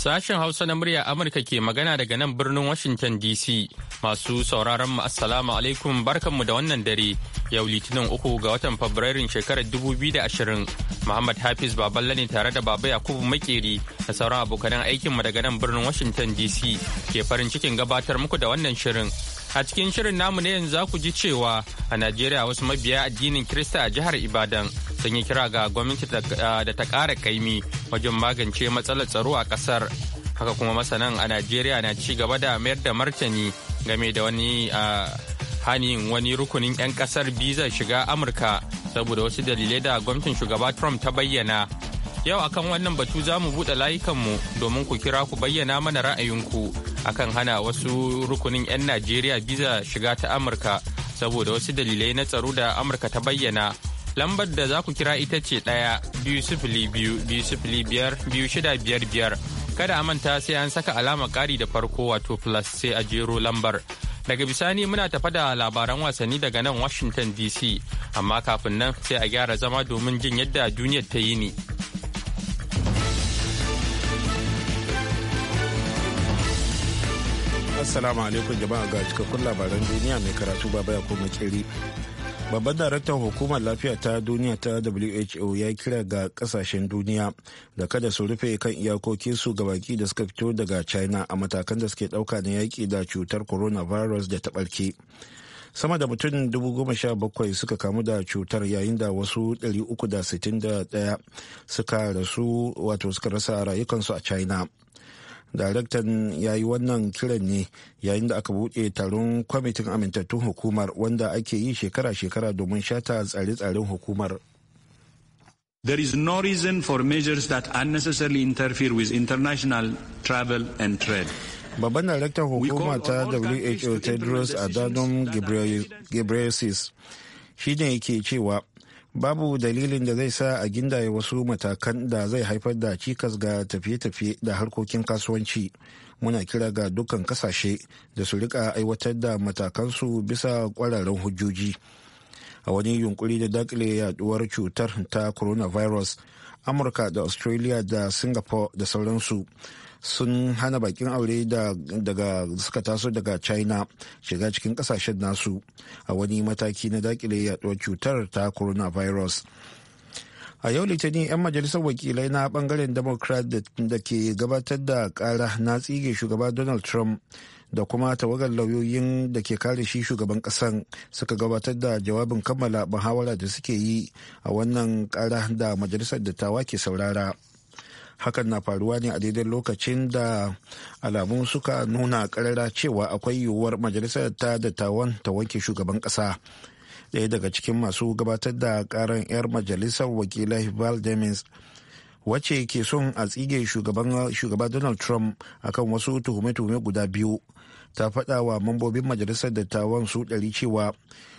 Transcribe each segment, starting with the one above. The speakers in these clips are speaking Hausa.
Sashen Hausa na murya Amurka ke magana daga nan birnin Washington DC. Masu sauraron mu assalamu alaikum barkanmu da wannan dare. Yau Litinin uku ga watan Fabrairun shekarar 2020. Muhammad Hafiz Baballe ne tare da Baba Yakubu Makeri da sauran abokanan aikinmu daga nan birnin Washington DC ke farin cikin gabatar muku da wannan shirin. A cikin shirin namu ne yanzu za ku ji cewa a Najeriya wasu mabiya addinin Kirista a jihar Ibadan sun yi kira ga gwamnati da ta ƙara kaimi wajen magance matsalar tsaro a ƙasar. Haka kuma masanan a Najeriya na ci gaba da mayar da martani game da wani hanin wani rukunin 'yan ƙasar biza shiga Amurka saboda wasu dalilai da gwamnatin shugaba Trump ta bayyana Yau akan wannan batu za mu buɗe layukanmu domin ku kira ku bayyana mana ra'ayinku akan hana wasu rukunin 'yan Najeriya biza shiga ta Amurka saboda wasu dalilai na tsaro da Amurka ta bayyana. Lambar da za ku kira ita ce ɗaya biyu sifili biyu biyu sifili biyar biyu shida biyar biyar. Kada a manta sai an saka alama ƙari da farko wato plus sai a jero lambar. Daga bisani muna tafa da labaran wasanni daga nan Washington DC, amma kafin nan sai a gyara zama domin jin yadda duniyar ta yi ne. Assalamu alaikum jama'a ga cikakkun labaran duniya mai karatu baba ya kuma kiri. Babban daraktan hukumar lafiya ta duniya ta WHO ya kira ga kasashen duniya da kada su rufe kan iyakokin su ga baki da suka fito daga China a matakan da suke dauka na yaki da cutar coronavirus da ta barke. sama da mutum bakwai suka kamu da cutar yayin da wasu 361 suka rasu wato suka rasa rayukansu a china daraktan ya yi wannan kiran ne yayin da aka buɗe taron kwamitin amintattun hukumar wanda ake yi shekara-shekara domin shata tsare-tsaren hukumar There is no reason for measures that unnecessarily interfere with international travel and trade. Babban daraktan hukuma ta WHO Tedros Adhanom Ghebreyesus shi ne yake cewa babu dalilin da zai sa a gindaye wasu matakan da zai haifar da cikas ga tafiye-tafiye da harkokin kasuwanci muna kira ga dukkan kasashe da su rika aiwatar da matakansu bisa kwararren hujjoji a wani yunkuri da dakile yaduwar cutar ta coronavirus amurka da australia da singapore da sauransu sun hana bakin aure daga suka taso daga china shiga cikin kasashen nasu a wani mataki na dakile yaduwar cutar ta coronavirus a yau litinin 'yan majalisar wakilai na bangaren democrat da ke gabatar da kara na tsige shugaba donald trump da kuma tawagar lauyoyin da ke kare shi shugaban kasan suka gabatar da jawabin kammala muhawara da suke yi a wannan kara da majalisar dattawa ke saurara. hakan na faruwa ne a daidai lokacin da alamu suka nuna karara cewa akwai yiwuwar majalisar ta dattawan ta wanke shugaban kasa ɗaya daga cikin masu gabatar da karan 'yar majalisar wakilai hibal demings wacce ke son a tsige shugaba donald trump akan wasu tuhume-tuhume guda biyu ta faɗa wa mambobin majalisar dattawan su ɗari cewa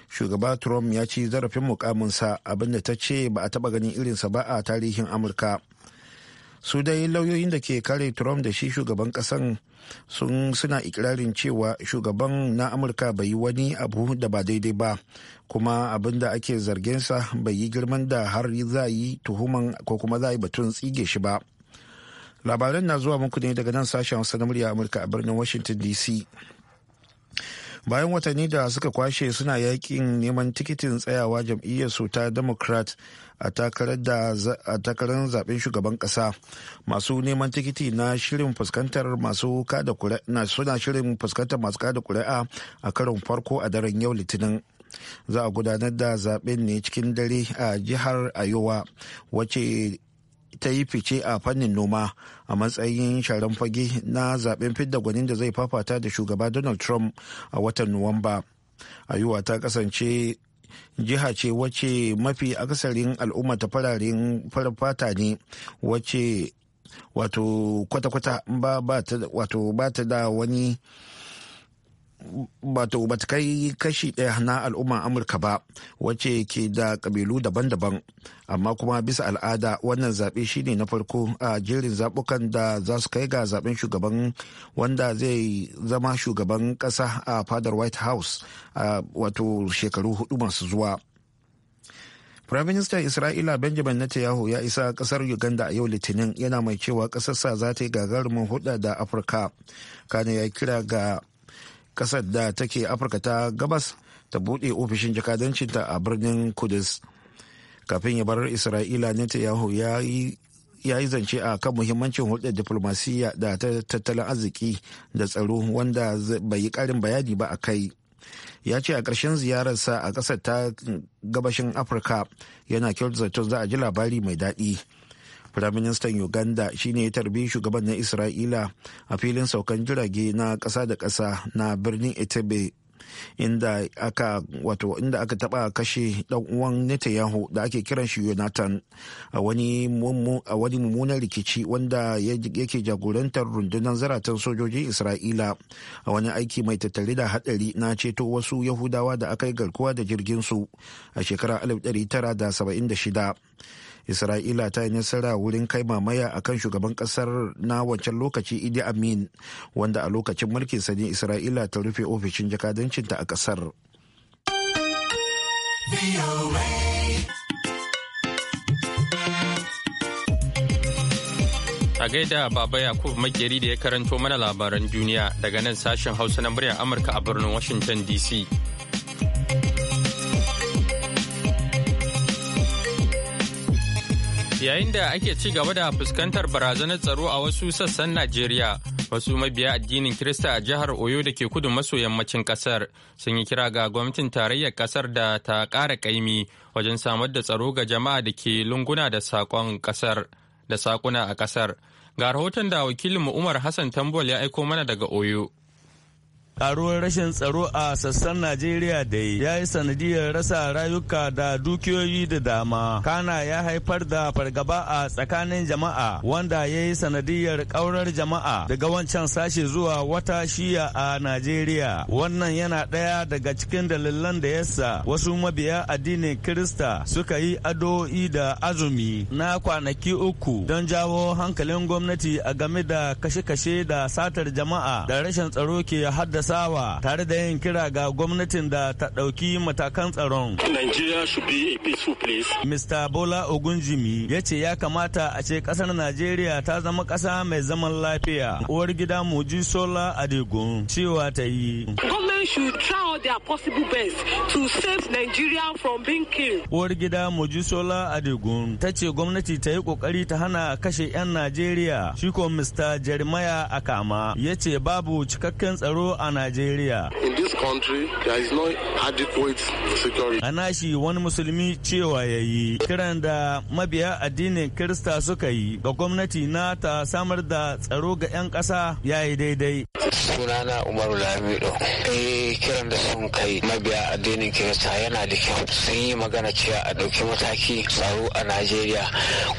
shugaba trump ya ci zarafin mukaminsa abinda ta ce ba a taɓa ganin irinsa ba a tarihin amurka su dai lauyoyin da ke kare trump da shi shugaban kasan sun suna ikirarin cewa shugaban na amurka bai yi wani abu da ba daidai ba kuma abin da ake zargensa bai yi girman da har za yi tuhuman ko kuma za yi batun tsige shi ba labaran na zuwa muku ne daga nan sashen wasu na murya amurka a birnin washington dc bayan watanni da suka kwashe suna yakin neman tikitin tsayawa jam'iyyarsu ta democrat a takarar zaben shugaban kasa masu neman tikiti na shirin fuskantar masu kada kuri'a suna shirin fuskantar masu kada kuri'a a karon farko a daren yau litinin za a gudanar da zaben ne cikin dare a jihar ayowa wace. ta yi fice a fannin noma a matsayin sharan fage na zaben fidda gwanin da zai fafata da shugaba donald trump a watan nuwamba ayuwa ta kasance jiha ce wacce mafi akasarin al'umma ta fararen farfata ne wacce wato kwata-kwata ba ta da wani wato bata kai kashi ɗaya na al'umman amurka ba wacce ke da kabilu daban-daban amma kuma bisa al'ada wannan zaɓe shine na farko a jerin zaɓukan da za su kai ga zaɓen shugaban wanda zai zama shugaban ƙasa a fadar white house a wato shekaru hudu masu zuwa Minister Isra'ila Benjamin Netanyahu ya isa kasar Uganda a yau Litinin yana mai cewa ƙasarsa za ta yi gagarumin hulɗa da Afirka. Kane ya kira ga kasar da take afirka ta gabas ta buɗe ofishin jakadancinta a birnin kudus kafin ya bar isra'ila netanyahu ya yi zance a kan muhimmancin hulɗar diflomasiyya da ta tattalin arziki da tsaro wanda bai yi ƙarin bayani ba a kai ya ce a ƙarshen ziyararsa a ƙasar ta gabashin afirka yana kyautar zaton za a ji labari mai daɗi firaministan uganda shine ya tarbi shugaban na isra'ila a filin saukan jirage na kasa da kasa na birnin etebe inda aka wato inda aka taba kashe dan uwan Netanyahu da ake kiran shi yonatan a wani mummunan rikici wanda yake jagorantar rundunar zaratan sojojin Isra'ila a wani aiki mai tattare da hadari na ceto wasu Yahudawa da aka yi garkuwa da jirgin su a shekarar 1976 isra'ila ta yi nasara wurin kai mamaya a kan shugaban kasar na wancan lokaci idi amin wanda a lokacin mulkin sani isra'ila ta rufe ofishin jakadancinta a kasar a gaida baba yakub makeri da ya karanto mana labaran duniya daga nan sashen hausa na muryar amurka a birnin washington dc Yayin da ake ci gaba da fuskantar barazanar tsaro a wasu sassan Najeriya, wasu mabiya addinin Kirista a jihar Oyo da ke kudu maso yammacin kasar sun yi kira ga gwamnatin tarayyar kasar da ta ƙara kaimi wajen samar da tsaro ga jama'a da ke lunguna da saƙon kasar da saƙuna a kasar. Ga rahoton da wakilinmu Umar Hassan Tambol ya aiko mana daga Oyo. karuwar rashin tsaro a sassan najeriya da ya yi sanadiyar rasa rayuka da dukiyoyi da dama kana ya haifar da fargaba a tsakanin jama'a wanda ya yi sanadiyar kaurar jama'a daga wancan sashe zuwa wata shiya a najeriya wannan yana ɗaya daga cikin dalilan da yasa wasu mabiya addinin kirista suka yi adoi da azumi na kwanaki uku don jawo hankalin gwamnati a game da kashe-kashe da satar jama'a da rashin tsaro ke haddasa sawa tare da yin kira ga gwamnatin da ta ɗauki matakan tsaron. nigeria should be a peaceful place. Mr. Bola Ogunjimi ya ce ya kamata a ce ƙasar Najeriya ta zama ƙasa mai zaman lafiya. Uwar gida Mojisola Adegun cewa ta yi. Government should try their possible best to save Nigeria from being killed. Uwar gida Mojisola Adegun ta ce gwamnati ta yi kokari ta hana kashe 'yan Najeriya. Shi ko Mr. Jeremiah Akama ya ce babu cikakken tsaro a Najeriya. In this country there is no adequate security. Ana shi wani musulmi cewa ya yi kiran da mabiya addinin Kirista suka yi ga gwamnati na ta samar da tsaro ga 'yan ƙasa ya yi daidai. Sunana Umaru Lamido. Eh kiran da son kai mabiya addinin kirista yana da kyau sun yi magana cewa a ɗauki mataki tsaro a najeriya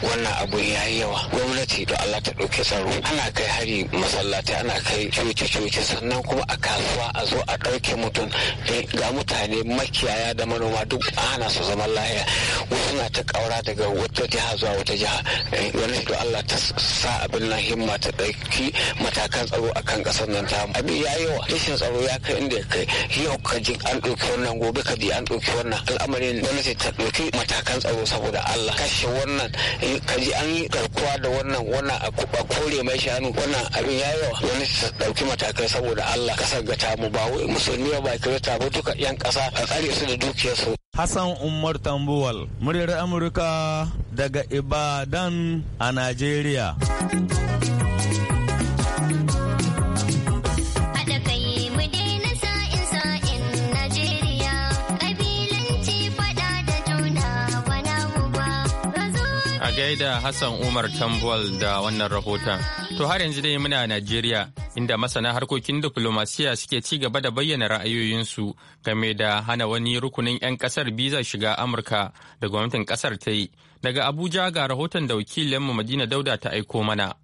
wannan abu ya yi yawa gwamnati da allah ta ɗauki tsaro ana kai hari masallatai ana kai cuci cuci sannan kuma a kasuwa a zo a ɗauke mutum ga mutane makiyaya da manoma duk ana su zama lahiya wasu na ta ƙaura daga wata jiha zuwa wata jiha eh, gwamnati da allah ta sa abin nan himma ta ɗauki matakan tsaro akan ƙasar nan ta abin ya yi yawa rashin tsaro ya kai inda ya kai yau ka jin an ɗauki wannan gobe ka ji an ɗauki wannan al'amarin gwamnati ta ɗauki matakan tsaro saboda Allah kashe wannan eh, ka ji an yi karkuwa da wannan wannan a kore mai shanu wannan abin ya yawa gwamnati ta ɗauki matakai saboda Allah kasar ga tamu ba wai musulmi ba kirista ba duka 'yan ƙasa a tsare su da dukiyarsu. Hassan Umar Tambuwal, muryar Amurka daga Ibadan a Najeriya. da Hassan Umar Tambol da wannan rahoton. To har yanzu dai muna Najeriya inda masana harkokin diplomasiya suke ci gaba da bayyana ra'ayoyinsu game da hana wani rukunin 'yan kasar biza shiga Amurka da gwamnatin kasar ta yi. Daga Abuja ga rahoton da wakilinmu Madina Dauda ta aiko mana.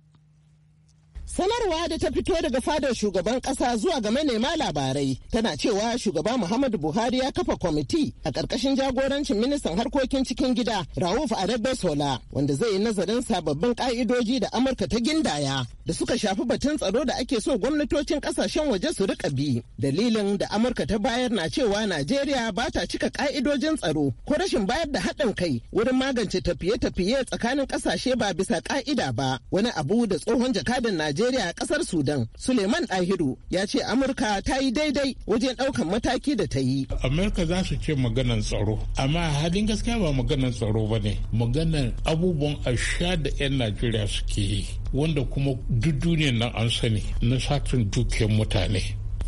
Sanarwa da ta fito daga fadar shugaban kasa zuwa ga manema labarai tana cewa shugaba Muhammadu Buhari ya kafa kwamiti a ƙarƙashin jagorancin ministan harkokin cikin gida Rauf sola wanda zai yi nazarin sababbin ƙa'idoji da Amurka ta gindaya da suka shafi batun tsaro da ake so gwamnatocin ƙasashen waje su rika bi. Dalilin da Amurka ta bayar na cewa Najeriya ba ta cika ƙa'idojin tsaro ko rashin bayar da haɗin kai wurin magance tafiye-tafiye tsakanin ƙasashe ba bisa ƙa'ida ba wani abu da tsohon jakadan Najeriya Najeriya a kasar Sudan, Suleiman Ahiru ya ce Amurka ta yi daidai wajen ɗaukan mataki da ta yi. Amurka za su ce maganan tsaro, amma halin gaskiya ba maganan tsaro ba ne, maganan abubuwan asha da 'yan Najeriya suke yi, wanda kuma duk duniyar nan an sani na satin dukiyar mutane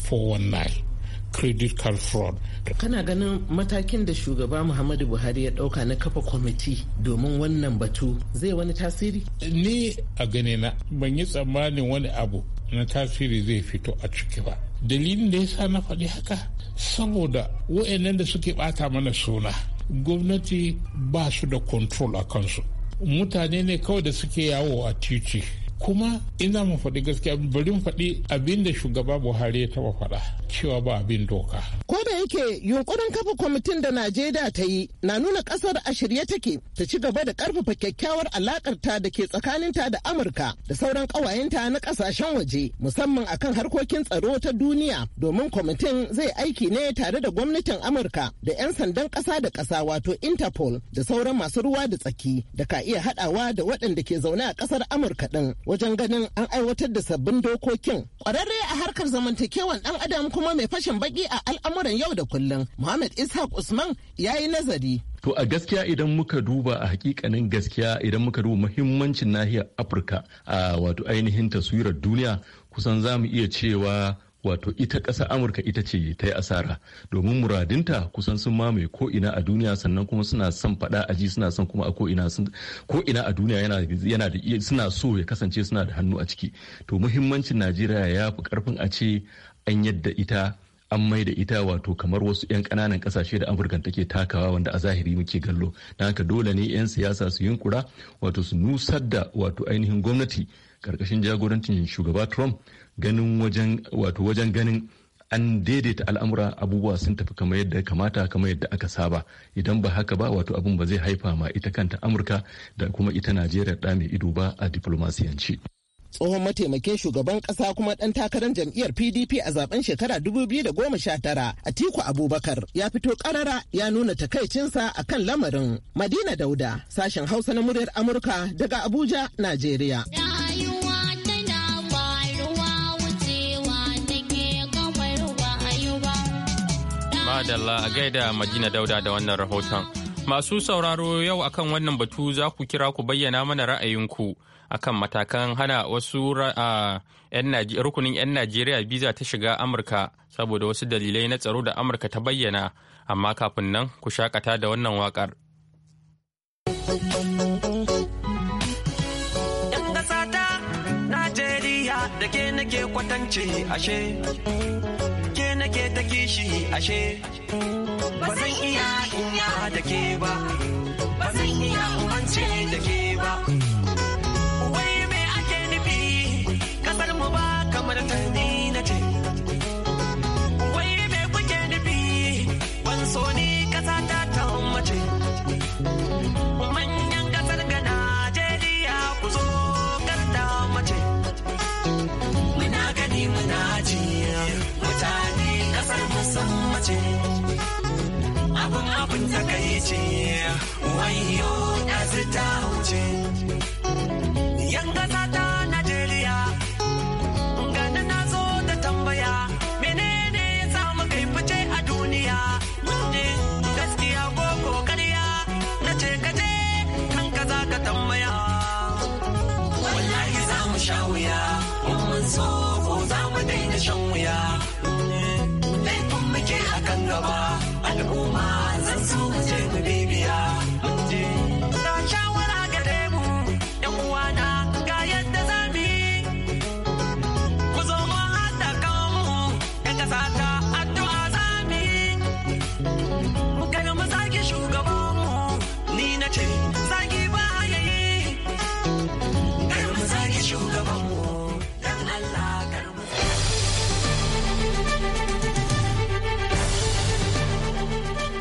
419 credit card fraud kana ganin matakin da shugaba muhammadu buhari ya dauka na kafa kwamiti domin wannan batu zai wani tasiri ni a gane na ban yi tsammanin wani abu na tasiri zai fito a ciki ba dalilin da ya sa na faɗi haka saboda wa'annan da suke bata mana suna gwamnati ba su da kontrol a kansu mutane ne kawai da suke yawo a titi kuma ina mu faɗi gaskiya bari mu faɗi abin da shugaba buhari ya taɓa faɗa cewa ba abin doka ko da yake yunkurin kafa kwamitin da najeriya ta yi na nuna ƙasar a shirye take ta ci gaba da ƙarfafa kyakkyawar alaƙar ta da ke tsakanin ta da amurka da sauran ƙawayenta na ƙasashen waje musamman akan harkokin tsaro ta duniya domin kwamitin zai aiki ne tare da gwamnatin amurka da 'yan sandan ƙasa da ƙasa wato interpol da sauran masu ruwa da tsaki da ka iya haɗawa da waɗanda ke zaune a ƙasar amurka ɗin wajen ganin an aiwatar da sabbin dokokin. Kwararre a harkar zamantakewan dan adam kuma mai fashin baki a al'amuran yau da kullum. Muhammad Ishaq Usman ya yi nazari. To a gaskiya idan muka duba a hakikanin gaskiya idan muka duba muhimmancin nahiyar Afirka a wato ainihin taswirar duniya kusan zamu iya cewa wato ita ƙasa amurka ita ce ta yi asara domin muradinta kusan sun mamaye ko ina a duniya sannan kuma suna son fada a ji suna son kuma a ko ina a duniya yana da suna so ya kasance suna da hannu a ciki to muhimmancin najeriya ya fi karfin a ce an yadda ita an mai da ita wato kamar wasu 'yan kananan kasashe da amurka take takawa wanda a zahiri muke gallo na haka dole ne 'yan siyasa su yunkura wato su nusar da wato ainihin gwamnati karkashin jagorancin shugaba trump ganin wajen wato wajen ganin an daidaita al'amura abubuwa sun tafi kamar yadda kamata kamar yadda aka saba idan ba haka ba wato abin ba zai haifa ma ita kanta amurka da kuma ita najeriya da mai ido ba a diplomasiyanci tsohon mataimakin shugaban kasa kuma dan takarar jam'iyyar pdp a zaben shekara 2019 atiku abubakar ya fito karara ya nuna takaicinsa a kan lamarin madina dauda sashen hausa na muryar amurka daga abuja najeriya adalla a gaida Madina Dauda da wannan rahoton. Masu sauraro yau akan wannan batu za ku kira ku bayyana mana ra'ayinku akan matakan hana wasu rukunin 'yan Najeriya biza ta shiga Amurka saboda wasu dalilai na tsaro da Amurka ta bayyana, amma kafin nan ku shakata da wannan waƙar. Najeriya da ke nake kwatance ashe. ke ta kishi ashe ba zan iya inya da ke ba ba zan iya umance da ke ba hmm. wai me ake nufi kasar mu ba kamar ta abin takaici wayo su ta wuce yan kasa ta najeriya gani na zo da tambaya menene ya samu kai fice a duniya gaskiya ko kokariya na ce kaje kan ka za ka tambaya wallahi za mu sha wuya mun so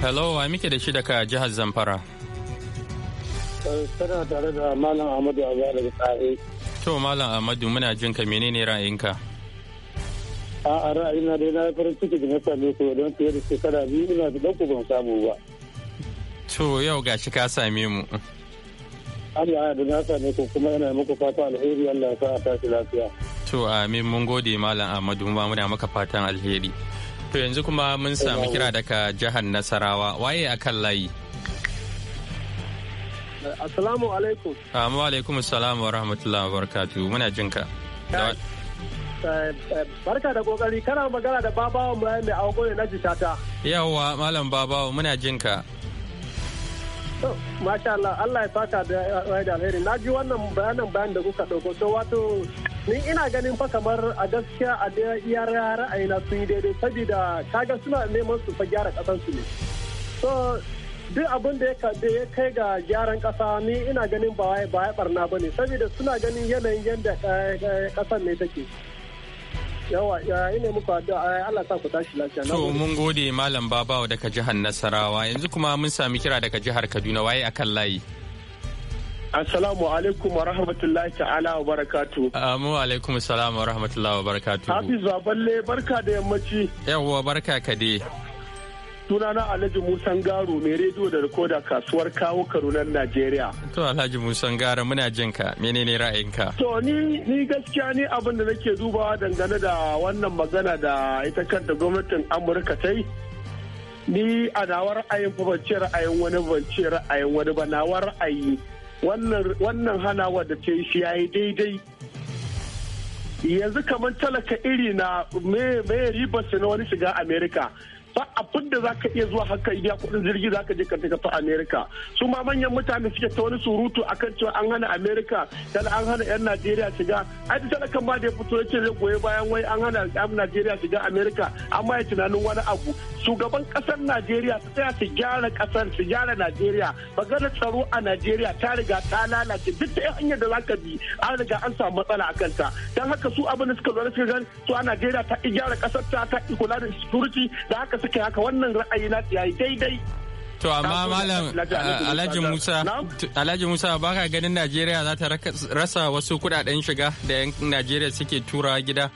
Hello, wa muke da shi daga jihar Zamfara? Tana eh, tare da Malam Ahmadu a daga tsare. To, Malam Ahmadu muna jin ka menene ra'ayinka? A na dai na farin ciki da na same ku don fiye da shekara biyu ina da ɗauku ban samu ba. To, yau shi ka same mu. Allah ya da na same ku kuma yana muku fata alheri Allah ya sa a tashi lafiya. To, amin mun gode Malam Ahmadu ma muna maka fatan alheri. To yanzu kuma mun samu kira daga jihar Nasarawa waye a kan layi. Assalamu alaikum. Amma alaikum assalamu wa rahmatullahi wa barkatu muna jin ka. Eh, eh, barka da kokari kana magana da babawa mu mai agogo ne na jishata. Yawwa malam babawa muna jin ka. Masha Allah Allah ya faka eh, da alheri na ji wannan bayanan bayan da kuka ɗauko to wato ni ina ganin fa kamar a gaskiya a da ra'ayi ra'ayina sun yi daidai saboda kaga suna neman su fa gyara kasan su ne so duk abin da ya kai ga gyaran kasa ni ina ganin ba wai ba barna bane saboda suna ganin yanayin yadda kasan eh, eh, ne take yawa ina muku eh, Allah sa ku tashi lafiya to mun gode malam babawa daga jihar Nasarawa yanzu kuma mun sami kira daga jihar Kaduna waye akan layi Assalamu alaikum wa rahmatullahi ta'ala wa barakatu. Amu alaikum salam wa rahmatullahi wa barakatu. Hafiz Baballe barka da yammaci. Yawwa barka ka dai. Sunana Alhaji Musan Garo mai rediyo da rikoda kasuwar kawo karunan Najeriya. To Alhaji Musan Garo muna jin ka menene ra'ayinka? To ni ni gaskiya ni abin da nake dubawa dangane da wannan magana da ita kanta gwamnatin Amurka ta yi. Ni a nawar ra'ayin fa ban ra'ayin wani ban ce ra'ayin wani ba nawar ra'ayi wannan hanawa da ta yi shi ya yi daidai yanzu kamar talaka iri na me ribar na wani shiga amerika fa abin da zaka iya zuwa haka biya kudin jirgi zaka je ka tafi Amerika su ma manyan mutane suke ta wani surutu akan cewa an hana Amerika dan an hana yan Najeriya shiga ai kan ba da ya fito yace zai goye bayan wai an hana yan Najeriya shiga Amerika amma ya tunanin wani abu shugaban kasar Najeriya su tsaya su gyara kasar su gyara Najeriya maganar tsaro a Najeriya ta riga ta lalace duk da hanyar da zaka bi an riga an samu matsala a kanta dan haka su abin da suka lura suka gani su a Najeriya ta gyara kasar ta ta kula da security da haka suke haka wannan ra'ayi na yayi daidai To amma malam Alhaji Musa Alhaji Musa baka ganin Najeriya za ta rasa wasu kudaden shiga da yan Najeriya suke turawa gida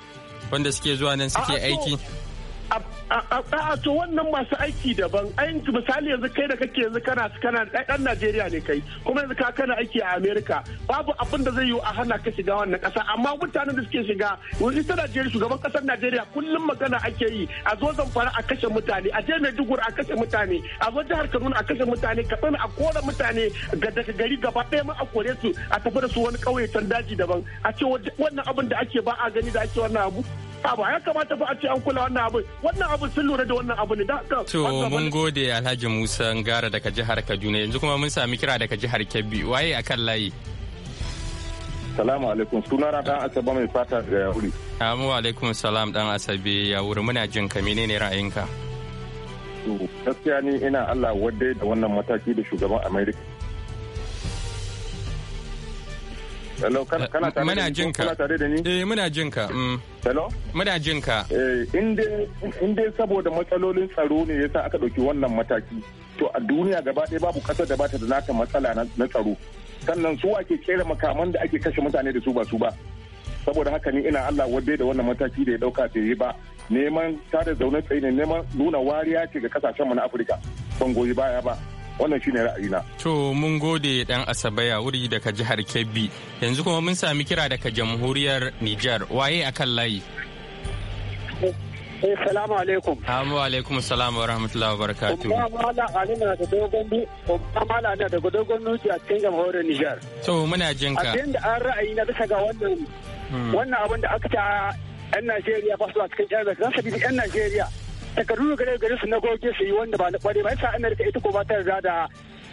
wanda suke zuwa nan suke aiki. a'a to wannan masu aiki daban ayin misali yanzu kai da kake yanzu kana kana dan Najeriya ne kai kuma yanzu ka kana aiki a Amerika babu abin da zai yi a hana ka shiga wannan kasa amma mutanen da suke shiga wani ta Najeriya shugaban kasar Najeriya kullum magana ake yi a zo zamfara a kashe mutane a je Maiduguri a kashe mutane a zo jihar Kaduna a kashe mutane ka tsana a kora mutane ga daga gari gaba ɗaya ma a kore su a tafi da su wani ƙauye can daji daban a ce wannan abin da ake ba a gani da ake wannan abu ba ya kamata ba a ce an kula wannan abu wannan abu sun lura da wannan abu ne da haka to mun gode Alhaji Musa Ngara daga jihar Kaduna yanzu kuma mun sami kira daga jihar Kebbi waye akan layi Salamu alaikum suna na dan Asabe mai fata da yauri Amu alaikum salam dan Asabe ya wuri muna jin ka menene ra'ayinka to gaskiya ni ina Allah wadda da wannan mataki da shugaban America Hello, kana eh, tare muna jinka. Eh, muna jinka mm. Hello? Muna jinka. Eh, in dai saboda matsalolin tsaro ne yasa aka ɗauki wannan mataki. To a duniya gaba ɗaya babu ƙasar da bata da naka matsala na tsaro. Sannan su ake kera makaman da ake kashe mutane da su ba su ba. Saboda haka ni ina Allah wadai da wannan mataki da ya ɗauka da yi ba. Neman da zaune tsaye ne neman nuna wariya ce ga kasashenmu na Afirka. Ban goyi baya ba. wannan shine ra'ayina to mun gode dan asabe ya wuri daga jihar kebbi yanzu kuma mun sami kira daga jamhuriyar niger waye akan layi eh, Salamu alaikum. Assalamu alaikum salamu wa rahmatullahi wa barakatu. Umma mala alina da dogon bi, umma mala alina da dogon nuki a cikin jamhuriyar Nijar. To muna jinka. ka. Abin da an ra'ayi na bisa ga wannan hmm. wannan abin da aka ta 'yan Najeriya ba su a cikin jihar Nijar, don sabida 'yan Najeriya takardu gare gare su na goge su yi wanda ba na kware ba yasa Amerika ita ko ba ta yarda da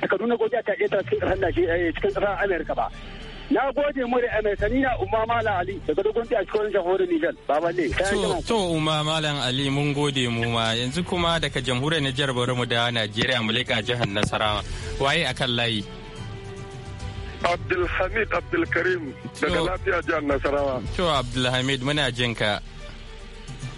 takardu na goge ta ƙetare cikin ƙasar Najeriya eh, cikin ƙasar Amerika ba na gode mu da ni na umma malam ali daga dogon a cikin jamhuriyar nijar baballe to umma malam ali mun gode mu ma yanzu kuma daga jamhuriyar nijar bari mu da najeriya mu leƙa jihar nasarawa waye akan layi abdulhamid abdulkarim daga lafiya jihar nasarawa to abdulhamid muna jinka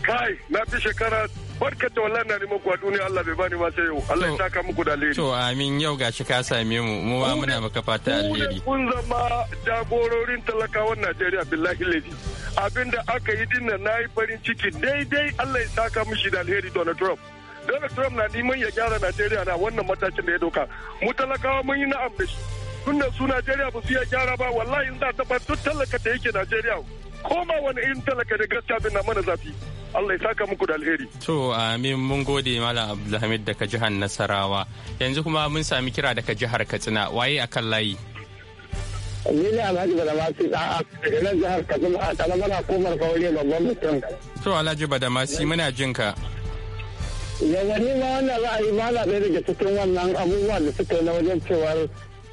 kai na fi shekara barkata wallahi na neman kuwa duniya Allah bai bani ma sai yau Allah ya saka muku da alheri to amin yau gashi ka same mu mu ba muna maka fata alheri kun zama jagororin talakawan Najeriya billahi ladi abinda aka yi dinnan nayi farin ciki daidai Allah ya saka mishi da alheri Donald Trump Donald Trump na neman ya gyara Najeriya na wannan matakin da ya doka mu talakawa mun yi na'am da shi tunda su Najeriya ba su iya gyara ba wallahi in za ta ba duk talaka da yake Najeriya koma wani irin talaka da gaskiya bin na mana zafi Allah ya saka muku da alheri. To amin mun gode Malam Abdulhamid daga jihar Nasarawa. Yanzu kuma mun sami kira daga jihar Katsina waye a kan layi. Ni ne Alhaji Badamasi a daga nan jihar Katsina a mana komar kawai babban mutum. To Alhaji Badamasi muna jin ka. Yanzu ni ma wannan ra'ayi ma na ɗaya daga cikin wannan abubuwan da suka na wajen cewar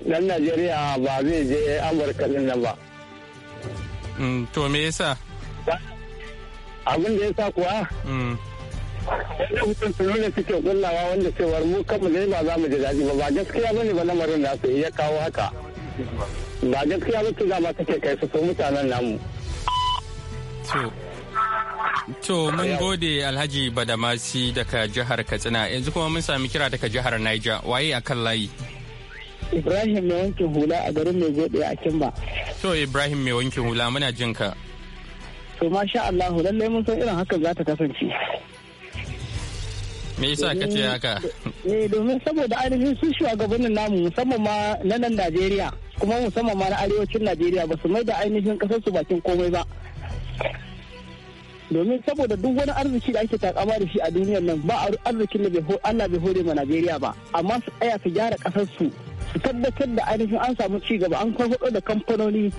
dan Najeriya ba zai je Amurka din nan ba. Mm, to me yasa? abin da ya sa kuwa mm. wanda hutun ne suke kullawa wanda cewar mu kanmu ne ba za mu ji daɗi ba ba gaskiya bane ba lamarin nasu ya kawo haka ba gaskiya ba tuga ma suke kai su su mutanen namu To mun gode Alhaji Badamasi daga jihar Katsina yanzu kuma mun sami kira daga jihar Niger waye a kan layi. Ibrahim mai wankin hula a garin mai gode a Kimba. To Ibrahim mai wankin hula muna jin ka. to masha Allah lallai mun san irin hakan za ta kasance me yasa ka ce haka eh domin saboda ainihin su shugabannin namu musamman ma na nan Najeriya kuma musamman ma na arewacin Najeriya ba su mai da ainihin kasar su bakin komai ba domin saboda duk wani arziki da ake takama da shi a duniyar nan ba arzikin da Allah bai hore ma Najeriya ba amma su tsaya su gyara kasar su su tabbatar da ainihin an samu ci gaba an farfado da kamfanoni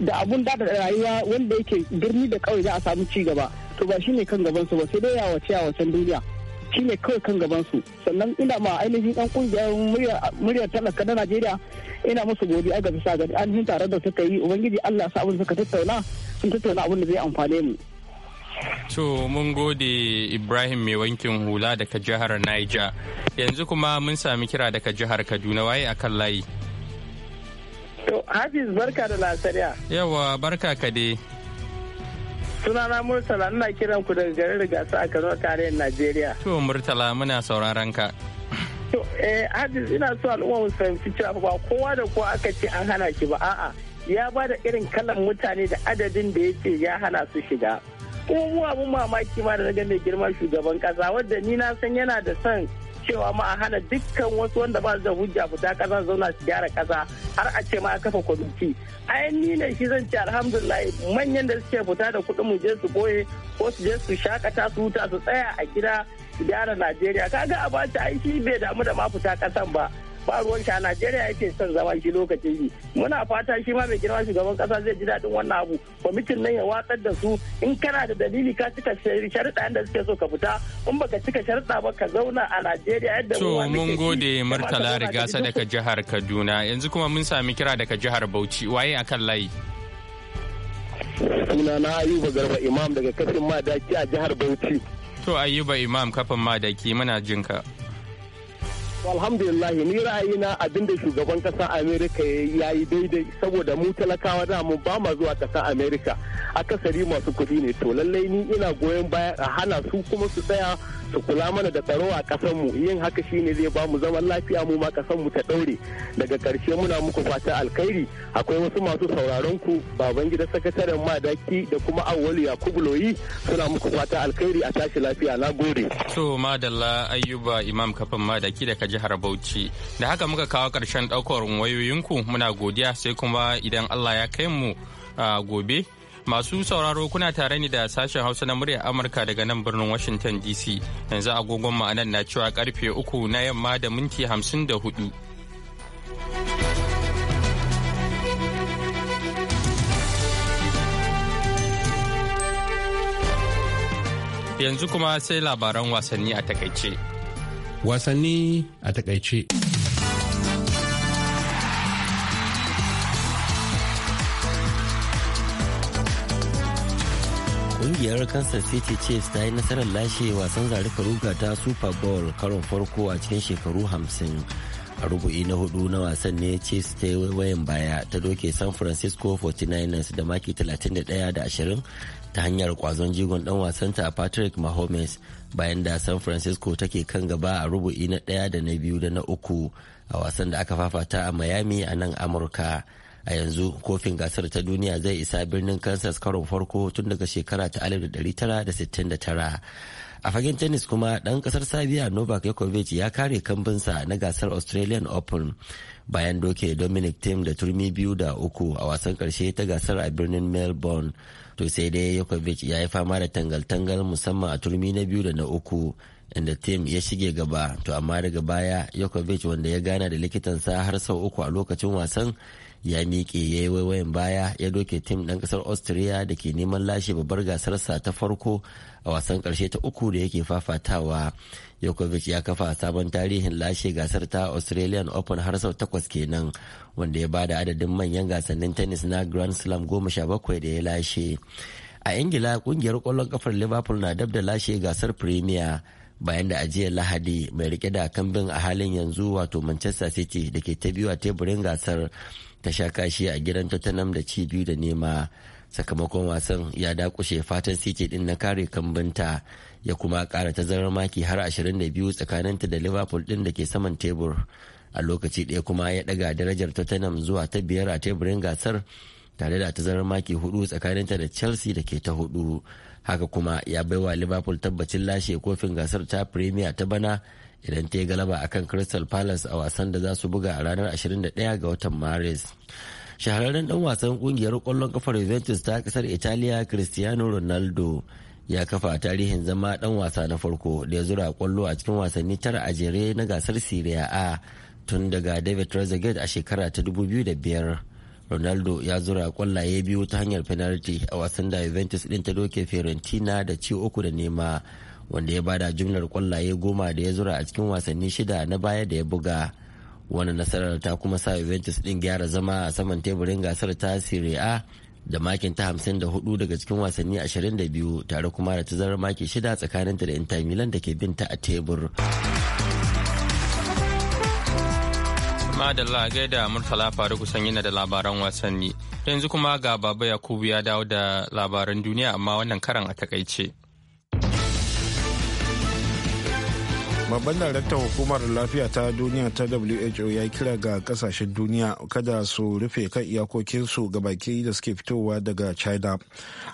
da abun da rayuwa wanda yake birni da kawai za a samu ci gaba to ba shine kan gaban su ba sai dai yawace wasan duniya shine kawai kan gaban su sannan ina ma ainihin yan kungiyar muryar talaka na Najeriya ina musu godiya ga bisa ga ainihin tare da suka yi ubangiji Allah ya sa abin suka tattauna sun tattauna abin da zai amfane mu To mun gode Ibrahim mai wankin hula daga jihar Niger. Yanzu kuma mun sami kira daga jihar Kaduna waye a kan layi. To Hafiz barka da lasariya. Yawa barka ka dai. Sunana Murtala ina kiran ku daga garin Rigasa a Kano tarayyar Najeriya. To Murtala muna sauraron ka. To eh Hafiz ina so al'umma mu fahimci cewa ba kowa da kowa aka ce an hana ki ba a'a ya ba da irin kalan mutane da adadin da yake ya hana su shiga. kuma mu abun mamaki ma da na ga mai girma shugaban kasa wadda ni na san yana da son cewa ma a hana dukkan wasu wanda ba su da hujja fita kasa zauna su gyara kasa har a ce ma a kafa kwamiti ayan ni ne shi zan ce alhamdulillah manyan da suke fita da kuɗin mu je su boye ko su je su shakata su huta su tsaya a gida gyara najeriya kaga a ba ta aiki bai damu da ma fita kasan ba ba ruwan shi a Najeriya yake son zama shi lokacin shi muna fata shi ma mai girma shugaban kasa zai ji daɗin wannan abu kwamitin nan ya watsar da su in kana da dalili ka cika sharuɗa yadda suke so ka fita in baka cika sharuɗa ba ka zauna a Najeriya yadda to mun gode Murtala riga sa daga jihar Kaduna yanzu kuma mun sami kira daga jihar Bauchi waye akan layi na ayuba garba imam daga kafin madaki a jihar bauchi to ayuba imam kafin madaki muna jinka alhamdulillah ni ra'ayina abinda shugaban kasar amerika ya yi daidai saboda mu talakawa da mu ba ma zuwa kasar amerika akasari masu kuɗi ne to lallai ni ina goyon baya a hana su kuma su tsaya su kula mana da tsaro a ƙasar mu yin haka shine zai ba mu zaman lafiya mu ma ƙasar mu ta daure daga ƙarshe muna muku fata alkhairi akwai wasu masu sauraron ku baban gida sakataren madaki da kuma awwalu yakubu loyi suna muku fata alkhairi a tashi lafiya na gode to madalla ayyuba imam kafin madaki daga jihar bauchi da haka muka kawo ƙarshen ɗaukar wayoyinku muna godiya sai kuma idan allah ya kai mu gobe Masu sauraro kuna tare ne da sashen Hausa na muryar Amurka daga nan birnin Washington DC. Yanzu agogon ma'anan na cewa karfe uku na yamma da minti hamsin da hudu. Yanzu kuma sai labaran wasanni a takaice. Wasanni a takaice. kungiyar kansas city chiefs ta yi nasarar lashe wasan zarika ruga ta super bowl karon farko a cikin shekaru 50 a rubu'i na hudu na wasan ne chiefs ta yi wayan baya ta doke san francisco 49ers da maki 31 da 20 ta hanyar kwazon jigon dan wasanta a patrick mahomes bayan da san francisco take kan gaba a rubu'i na daya da na biyu da na uku a wasan da aka fafata a miami a nan amurka a yanzu kofin gasar ta duniya zai isa birnin kansas karon farko tun daga shekara ta 1969 a fagen tennis kuma dan kasar sabiya novak yakovic ya kare kambinsa na gasar australian open bayan doke dominic tim da turmi biyu da uku a wasan karshe ta gasar a birnin melbourne to sai dai yakovic ya yi fama da tangal-tangal musamman a turmi na biyu da na uku inda tim ya shige gaba to amma daga baya yakovic wanda ya gana da likitansa har sau uku a lokacin wasan ya miƙe ya yi waiwayin baya ya doke tim ɗan ƙasar austria da ke neman lashe babbar gasarsa ta farko a wasan ƙarshe ta uku da yake fafatawa Yokovic ya kafa sabon tarihin lashe gasar ta Australian Open har sau takwas kenan wanda ya bada adadin manyan gasannin tennis na Grand Slam goma sha bakwai da ya lashe. A Ingila kungiyar ƙwallon kafar Liverpool na dab da lashe gasar Premier bayan da ajiyar lahadi mai rike da kambin a halin yanzu wato manchester city da ke ta biyu a teburin gasar ta sha kashi a gidan tottenham da ci biyu da nema sakamakon wasan ya dakushe fatan city din na kare kambinta ya kuma kara tazarar maki har 22 tsakaninta da liverpool din da ke saman tebur a lokaci ɗaya kuma ya ɗaga darajar tottenham zuwa ta biyar a teburin gasar tare da tazarar maki hudu tsakaninta da chelsea da ke ta hudu haka kuma ya bai wa liverpool tabbacin lashe kofin gasar ta premier ta bana idan ta yi galaba akan crystal palace a wasan da za su buga a ranar 21 ga watan maris shahararren dan wasan kungiyar kwallon kafar juventus ta kasar italiya cristiano ronaldo ya kafa tarihin zama dan wasa na farko da ya zura kwallo a cikin wasanni tara a jere na gasar serie a tun daga david rezegate a shekara ta 2005 ronaldo ya zura kwallaye biyu ta hanyar penalty a wasan da juventus din ta doke fiorentina da ci uku da nema wanda ya bada jumlar kwallaye goma da ya zura a cikin wasanni shida na baya da ya buga wani nasarar ta kuma sa juventus din gyara zama a saman teburin gasar ta serie a da makin ta 54 daga cikin wasanni 22 tare kuma da tazarar maki shida tsakaninta da inter milan da ke bin ta a tebur. Madalla gaida Murtala Faruku san yana da labaran wasanni. Yanzu kuma ga Baba Yakubu ya dawo da labaran duniya amma wannan karan a takaice. babban daraktan hukumar lafiya ta duniya ta who ya kira ga kasashen duniya kada su rufe kan iyakokinsu ga baki da suke fitowa daga china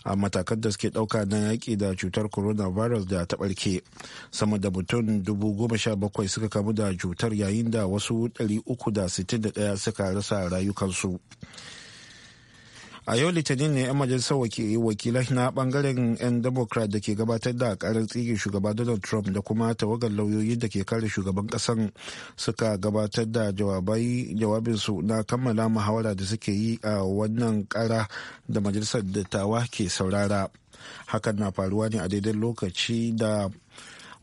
a matakan da suke dauka na yaki da cutar coronavirus da ta ɓarke sama da mutum bakwai suka kamu da cutar yayin da wasu 361 suka rasa rayukansu. a yau litinin ne 'yan majalisar wakilai na bangaren 'yan democrat da ke gabatar da karar tsige shugaba donald trump da kuma tawagar lauyoyin da ke kare shugaban kasan suka gabatar da jawabai jawabinsu na kammala muhawara da suke yi a wannan kara da majalisar dattawa ke saurara hakan na faruwa ne a daidai lokaci da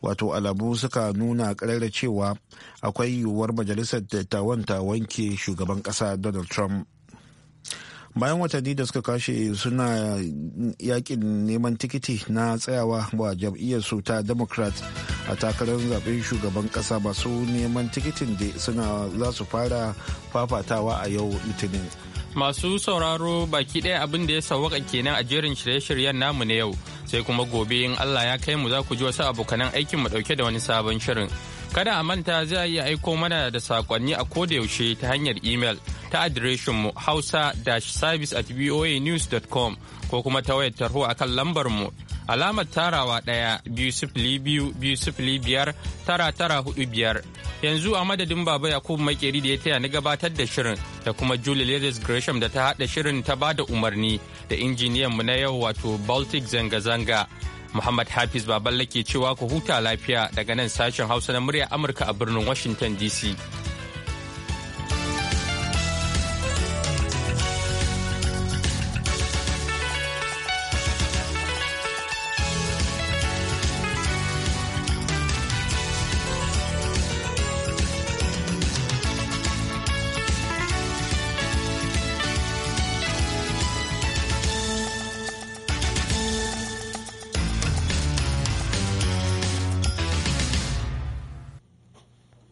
wato alamu suka nuna karara cewa akwai yiwuwar majalisar dattawan ta wanke shugaban kasa donald trump bayan watanni da suka kashe suna yakin neman tikiti na tsayawa ba jam'iyyar su ta democrat a takarar zaben shugaban kasa masu neman tikitin da suna za su fara fafatawa a yau litinin masu sauraro baki ɗaya abin da ya sawaka kenan a jerin shirye-shiryen namu na yau sai kuma gobe in allah ya kai mu za ku ji wasu abokanan aikin mu ɗauke da wani sabon shirin Kada a manta za a iya aiko mana da saƙonni a kodayaushe ta hanyar email ta adireshinmu hausa-service at voanews.com ko kuma ta wayar tarho a kan lambarmu alamar tarawa ɗaya biyu sifili biyu biyu sifili biyar tara tara hudu biyar yanzu a madadin baba yakubu makeri da ya taya na gabatar da shirin da kuma julie ladies gresham da ta haɗa shirin ta ba da umarni da injiniyanmu na yau wato baltic zanga-zanga Muhammad Hafiz Baballe ke cewa ku huta lafiya daga nan sashen Hausa na murya Amurka a birnin Washington DC.